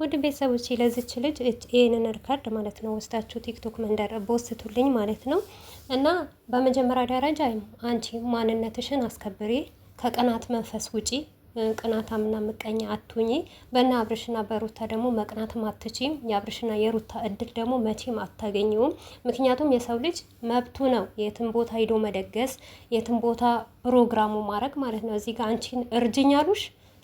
ውድ ቤተሰቦች ለዚች ልጅ ይህንን ሪካርድ ማለት ነው ወስዳችሁ ቲክቶክ መንደር በወስቱልኝ ማለት ነው። እና በመጀመሪያ ደረጃ አንቺ ማንነትሽን አስከብሪ፣ ከቅናት መንፈስ ውጪ ቅናታምና ምቀኛ አትሁኚ። በእነ አብርሽና በሩታ ደግሞ መቅናትም አትችም። የአብርሽና የሩታ እድል ደግሞ መቼም አታገኘውም። ምክንያቱም የሰው ልጅ መብቱ ነው የትም ቦታ ሂዶ መደገስ፣ የትም ቦታ ፕሮግራሙ ማድረግ ማለት ነው። እዚህ ጋር አንቺን እርጅኝ ያሉሽ፣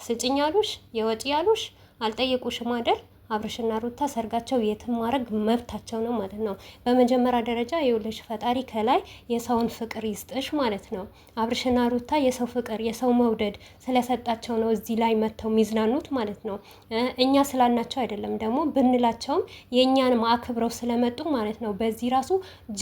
ስጭኝ ያሉሽ፣ የወጪ ያሉሽ አልጠየቁሽም አይደል? አብርሽና ሩታ ሰርጋቸው የትም ማድረግ መብታቸው ነው ማለት ነው። በመጀመሪያ ደረጃ የውልሽ ፈጣሪ ከላይ የሰውን ፍቅር ይስጥሽ ማለት ነው። አብርሽና ሩታ የሰው ፍቅር የሰው መውደድ ስለሰጣቸው ነው እዚህ ላይ መጥተው የሚዝናኑት ማለት ነው። እኛ ስላልናቸው አይደለም ደግሞ ብንላቸውም የእኛን አክብረው ስለመጡ ማለት ነው። በዚህ ራሱ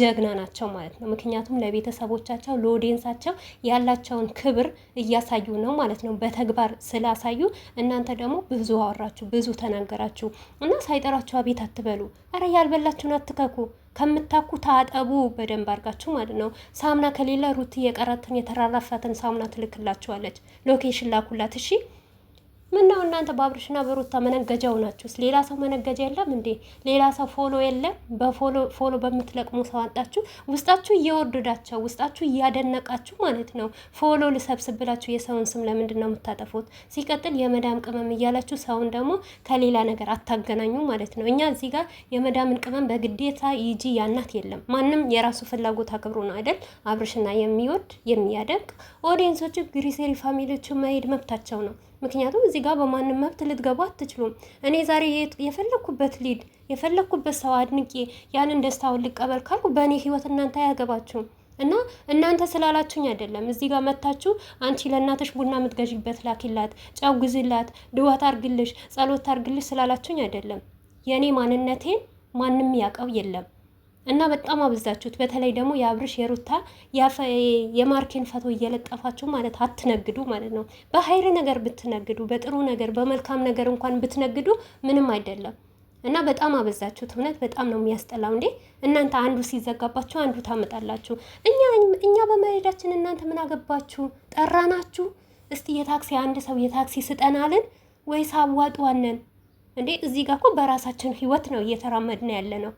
ጀግና ናቸው ማለት ነው። ምክንያቱም ለቤተሰቦቻቸው ለኦዲየንሳቸው ያላቸውን ክብር እያሳዩ ነው ማለት ነው። በተግባር ስላሳዩ እናንተ ደግሞ ብዙ አወራችሁ፣ ብዙ ተናገራችሁ እና ሳይጠራችሁ አቤት አትበሉ። አረ ያልበላችሁን አትከኩ። ከምታኩ ታጠቡ በደንብ አድርጋችሁ ማለት ነው። ሳሙና ከሌለ ሩት የቀራትን የተራራፋትን ሳሙና ትልክላችኋለች። ሎኬሽን ላኩላት እሺ። ምን ነው እናንተ በአብርሽና በሩታ መነገጃው ናችሁስ? ሌላ ሰው መነገጃ የለም እንዴ? ሌላ ሰው ፎሎ የለም? በፎሎ ፎሎ በምትለቅሙ ሰው አጣችሁ። ውስጣችሁ እየወደዳቸው ውስጣችሁ እያደነቃችሁ ማለት ነው። ፎሎ ልሰብስብ ብላችሁ የሰውን ስም ለምንድን ነው የምታጠፉት? ሲቀጥል የመዳም ቅመም እያላችሁ ሰውን ደግሞ ከሌላ ነገር አታገናኙ ማለት ነው። እኛ እዚህ ጋር የመዳምን ቅመም በግዴታ ይጂ ያናት የለም። ማንም የራሱ ፍላጎት አክብሮ ነው አይደል? አብርሽና የሚወድ የሚያደንቅ ኦዲየንሶቹ ግሪሴሪ ፋሚሊዎቹ መሄድ መብታቸው ነው። ምክንያቱም እዚህ ጋር በማንም መብት ልትገቡ አትችሉም። እኔ ዛሬ የፈለግኩበት ሊድ የፈለግኩበት ሰው አድንቄ ያንን ደስታውን ልቀበል ካልኩ በእኔ ህይወት እናንተ አያገባችሁም። እና እናንተ ስላላችሁኝ አይደለም እዚህ ጋር መታችሁ አንቺ ለእናትሽ ቡና የምትገዥበት ላኪላት፣ ጨው ግዝላት፣ ድዋት አርግልሽ፣ ጸሎት አርግልሽ ስላላችሁኝ አይደለም። የእኔ ማንነቴን ማንም ያውቀው የለም። እና በጣም አብዛችሁት። በተለይ ደግሞ የአብርሽ የሩታ የማርኬን ፈቶ እየለጠፋችሁ ማለት አትነግዱ ማለት ነው። በሀይር ነገር ብትነግዱ፣ በጥሩ ነገር በመልካም ነገር እንኳን ብትነግዱ ምንም አይደለም። እና በጣም አበዛችሁት። እውነት በጣም ነው የሚያስጠላው። እንዴ እናንተ አንዱ ሲዘጋባችሁ አንዱ ታመጣላችሁ። እኛ እኛ በመሄዳችን እናንተ ምን አገባችሁ? ጠራናችሁ? እስቲ የታክሲ አንድ ሰው የታክሲ ስጠናልን ወይስ አዋጧነን? እንዴ እዚህ ጋር እኮ በራሳችን ህይወት ነው እየተራመድን ያለ ነው።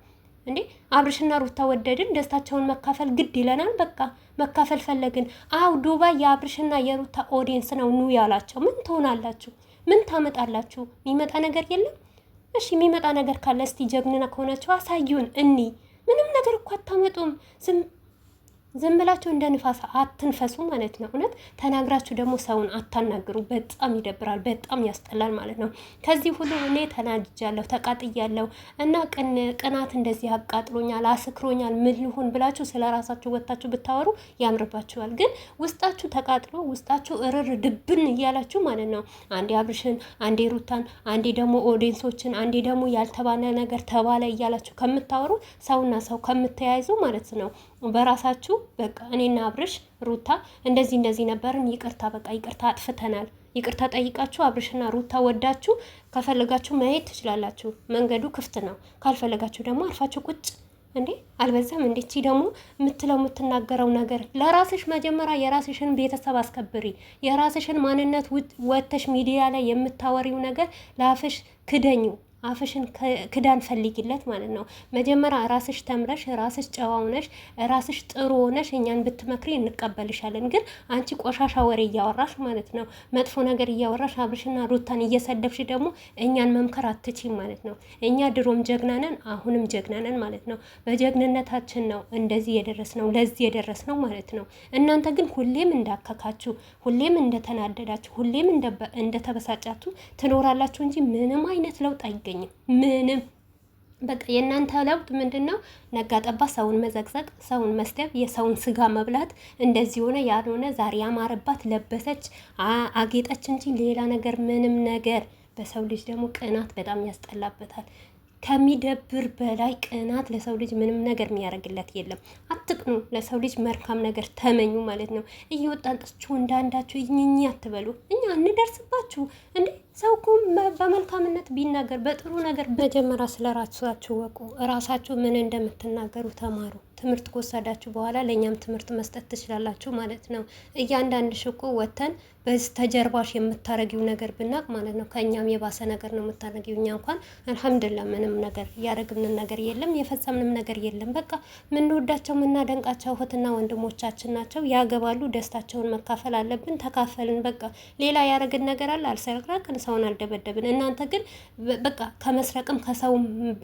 እንዴ አብርሽና ሩታ ወደድን ደስታቸውን መካፈል ግድ ይለናል። በቃ መካፈል ፈለግን። አው ዱባይ የአብርሽና የሩታ ኦዲየንስ ነው ኑ ያላቸው። ምን ትሆናላችሁ? ምን ታመጣላችሁ? የሚመጣ ነገር የለም። እሺ የሚመጣ ነገር ካለ እስቲ ጀግንና አሳዩን። እኒ ምንም ነገር እኮ አታመጡም። ዝም ዝም ብላችሁ እንደ ንፋስ አትንፈሱ ማለት ነው። እውነት ተናግራችሁ ደግሞ ሰውን አታናግሩ። በጣም ይደብራል፣ በጣም ያስጠላል ማለት ነው። ከዚህ ሁሉ እኔ ተናድጃለሁ፣ ተቃጥያለሁ እና ቅናት እንደዚህ አቃጥሎኛል፣ አስክሮኛል፣ ምን ልሁን ብላችሁ ስለ ራሳችሁ ወታችሁ ብታወሩ ያምርባችኋል። ግን ውስጣችሁ ተቃጥሎ ውስጣችሁ እርር ድብን እያላችሁ ማለት ነው። አንዴ አብርሽን፣ አንዴ ሩታን፣ አንዴ ደግሞ ኦዲንሶችን፣ አንዴ ደግሞ ያልተባለ ነገር ተባለ እያላችሁ ከምታወሩ ሰውና ሰው ከምተያይዙ ማለት ነው በራሳችሁ በቃ እኔና አብርሽ ሩታ እንደዚህ እንደዚህ ነበርን፣ ይቅርታ በቃ ይቅርታ አጥፍተናል፣ ይቅርታ ጠይቃችሁ አብርሽና ሩታ ወዳችሁ ከፈለጋችሁ መሄድ ትችላላችሁ። መንገዱ ክፍት ነው። ካልፈለጋችሁ ደግሞ አርፋችሁ ቁጭ እንዴ አልበዛም? እቺ ደግሞ የምትለው የምትናገረው ነገር ለራስሽ መጀመሪያ የራስሽን ቤተሰብ አስከብሪ። የራስሽን ማንነት ወተሽ ሚዲያ ላይ የምታወሪው ነገር ለአፍሽ ክደኙ። አፍሽን ክዳን ፈልጊለት ማለት ነው። መጀመሪያ ራስሽ ተምረሽ ራስሽ ጨዋ ሆነሽ ራስሽ ጥሩ ሆነሽ እኛን ብትመክሪ እንቀበልሻለን። ግን አንቺ ቆሻሻ ወሬ እያወራሽ ማለት ነው፣ መጥፎ ነገር እያወራሽ አብርሽና ሩታን እየሰደብሽ ደግሞ እኛን መምከር አትችይም ማለት ነው። እኛ ድሮም ጀግናነን አሁንም ጀግናነን ማለት ነው። በጀግንነታችን ነው እንደዚህ የደረስነው ለዚህ ነው ማለት ነው። እናንተ ግን ሁሌም እንዳከካችሁ፣ ሁሌም እንደተናደዳችሁ፣ ሁሌም እንደተበሳጫችሁ ትኖራላችሁ እንጂ ምንም አይነት ለውጥ አይገኝም። አላገኝም ምንም በቃ የእናንተ ለውጥ ምንድን ነው? ነጋጠባ፣ ሰውን መዘቅዘቅ፣ ሰውን መስደብ፣ የሰውን ስጋ መብላት። እንደዚህ ሆነ ያልሆነ ዛሬ ያማረባት ለበሰች አጌጠች እንጂ ሌላ ነገር ምንም ነገር። በሰው ልጅ ደግሞ ቅናት በጣም ያስጠላበታል። ከሚደብር በላይ ቅናት ለሰው ልጅ ምንም ነገር የሚያደርግለት የለም። አትቅኑ፣ ለሰው ልጅ መልካም ነገር ተመኙ ማለት ነው። እየወጣንጣችሁ እንዳንዳችሁ ይኝኝ አትበሉ። እኛ እንደርስባችሁ እንዴ! ሰው እኮ በመልካምነት ቢናገር በጥሩ ነገር መጀመሪያ ስለ ራሳችሁ ወቁ። ራሳችሁ ምን እንደምትናገሩ ተማሩ። ትምህርት ከወሰዳችሁ በኋላ ለእኛም ትምህርት መስጠት ትችላላችሁ ማለት ነው። እያንዳንድ ሽኮ ወተን በስተጀርባሽ የምታረጊው ነገር ብናቅ ማለት ነው ከእኛም የባሰ ነገር ነው የምታረጊው። እኛ እንኳን አልሐምዱላ ምንም ነገር ያደረግንን ነገር የለም የፈጸምንም ነገር የለም። በቃ ምንወዳቸው ምናደንቃቸው እህትና ወንድሞቻችን ናቸው። ያገባሉ፣ ደስታቸውን መካፈል አለብን። ተካፈልን። በቃ ሌላ ያደረግን ነገር አለ? አልሰረቅን፣ ሰውን አልደበደብን። እናንተ ግን በቃ ከመስረቅም ከሰው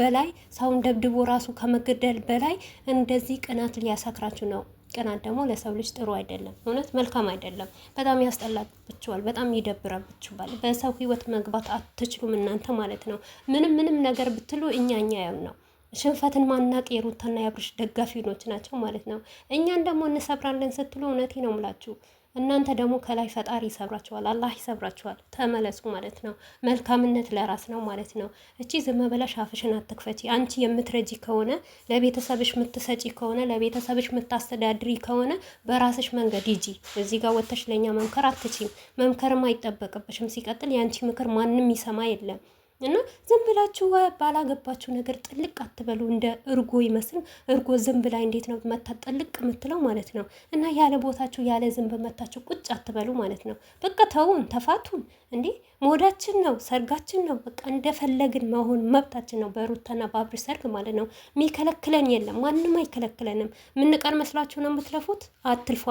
በላይ ሰውን ደብድቦ ራሱ ከመገደል በላይ እንደዚህ ቅናት ሊያሳክራችሁ ነው። ቅናት ደግሞ ለሰው ልጅ ጥሩ አይደለም፣ እውነት መልካም አይደለም። በጣም ያስጠላብችዋል፣ በጣም ይደብራብችኋል። በሰው ህይወት መግባት አትችሉም እናንተ ማለት ነው። ምንም ምንም ነገር ብትሉ እኛ እኛ ያም ነው ሽንፈትን ማናቅ የሩታና የአብርሽ ደጋፊዎች ናቸው ማለት ነው። እኛን ደግሞ እንሰብራለን ስትሉ እውነቴ ነው ምላችሁ እናንተ ደግሞ ከላይ ፈጣሪ ይሰብራችኋል፣ አላህ ይሰብራችኋል። ተመለሱ ማለት ነው። መልካምነት ለራስ ነው ማለት ነው። እቺ ዝም ብለሽ አፍሽን አትክፈቺ። አንቺ የምትረጂ ከሆነ ለቤተሰብሽ የምትሰጪ ከሆነ ለቤተሰብሽ የምታስተዳድሪ ከሆነ በራስሽ መንገድ ይጂ። እዚህ ጋር ወጥተሽ ለእኛ መምከር አትችም፣ መምከርም አይጠበቅብሽም። ሲቀጥል የአንቺ ምክር ማንም ይሰማ የለም። እና ዝም ብላችሁ ባላገባችሁ ነገር ጥልቅ አትበሉ። እንደ እርጎ ይመስል እርጎ ዝንብ ላይ እንዴት ነው መታ ጥልቅ የምትለው ማለት ነው። እና ያለ ቦታችሁ ያለ ዝንብ መታችሁ ቁጭ አትበሉ ማለት ነው። በቃ ተውን፣ ተፋቱን። እንዴ መወዳችን ነው፣ ሰርጋችን ነው። በቃ እንደፈለግን መሆን መብታችን ነው። በሩታና በአብሪ ሰርግ ማለት ነው። የሚከለክለን የለም፣ ማንም አይከለክለንም። ምንቀር መስላችሁ ነው የምትለፉት። አትልፏል።